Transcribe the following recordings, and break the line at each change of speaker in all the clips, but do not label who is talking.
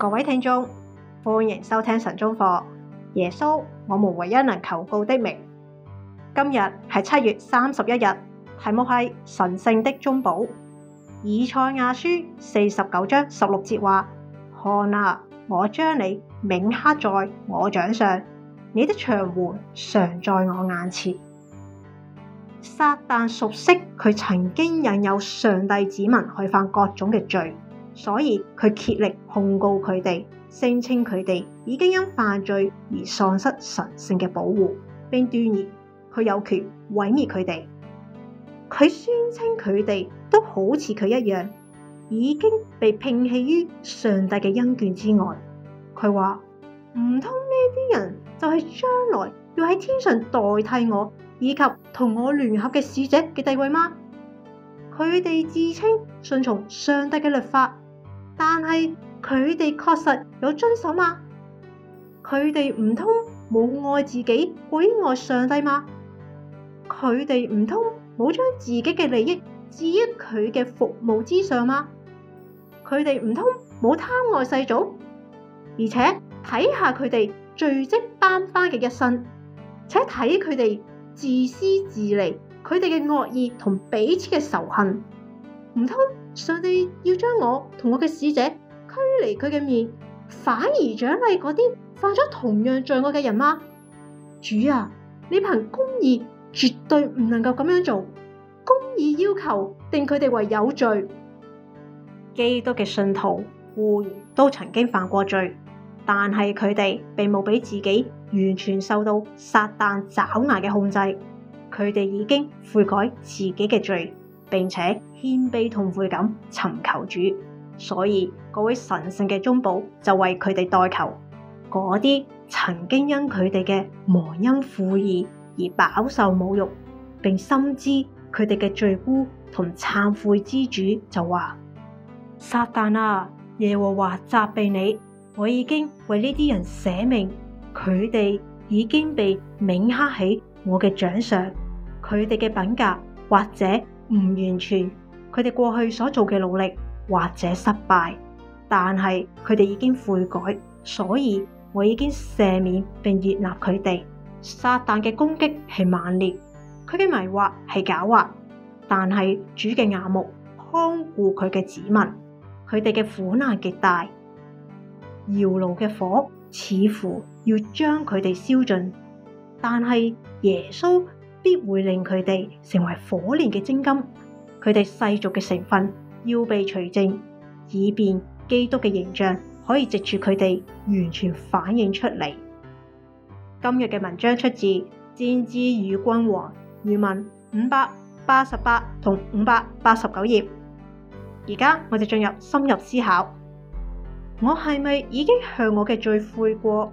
各位聽眾，歡迎收聽晨鐘課。耶穌，我們唯一能求告的名。今日係七月三十一日，題目係神聖的中保。以賽亞書四十九章十六節話：看啊，我將你銘刻在我掌上，你的牆垣常在我眼前。撒旦熟悉佢曾經引誘上帝子民去犯各種嘅罪。所以佢竭力控告佢哋，聲稱佢哋已經因犯罪而喪失神聖嘅保護，並斷言佢有權毀滅佢哋。佢宣稱佢哋都好似佢一樣，已經被摒棄於上帝嘅恩眷之外。佢話，唔通呢啲人就係將來要喺天上代替我以及同我聯合嘅使者嘅地位嗎？佢哋自稱信從上帝嘅律法。但係佢哋確實有遵守嘛？佢哋唔通冇愛自己，會愛上帝嗎？佢哋唔通冇將自己嘅利益置於佢嘅服務之上嗎？佢哋唔通冇貪愛世祖？而且睇下佢哋罪跡斑斑嘅一生，且睇佢哋自私自利，佢哋嘅惡意同彼此嘅仇恨，唔通？上帝要將我同我嘅使者驅離佢嘅面，反而獎勵嗰啲犯咗同樣罪惡嘅人嗎？主啊，你憑公義絕對唔能夠咁樣做。公義要求定佢哋為有罪。基督嘅信徒固然都曾經犯過罪，但係佢哋並冇俾自己完全受到撒旦爪牙嘅控制。佢哋已經悔改自己嘅罪。並且謙卑痛悔咁尋求主，所以嗰位神聖嘅中保就為佢哋代求。嗰啲曾經因佢哋嘅忘恩負義而飽受侮辱，並深知佢哋嘅罪辜同懺悔之主就話：撒旦啊，耶和華責備你，我已經為呢啲人捨命，佢哋已經被銘刻喺我嘅掌上，佢哋嘅品格或者。唔完全，佢哋過去所做嘅努力或者失敗，但係佢哋已經悔改，所以我已經赦免並接納佢哋。撒旦嘅攻擊係猛烈，佢嘅迷惑係狡猾，但係主嘅眼目看顧佢嘅子民，佢哋嘅苦難極大。窑爐嘅火似乎要將佢哋燒盡，但係耶穌。必會令佢哋成為火煉嘅精金，佢哋世俗嘅成分要被除淨，以便基督嘅形象可以藉住佢哋完全反映出嚟。今日嘅文章出自《先知與君王》，原文五百八十八同五百八十九頁。而家我哋進入深入思考，我係咪已經向我嘅罪悔過？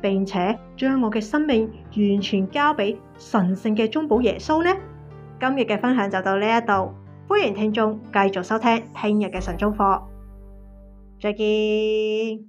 並且將我嘅生命完全交俾神聖嘅中保耶穌呢？今日嘅分享就到呢一度，歡迎聽眾繼續收聽聽日嘅神中課，再見。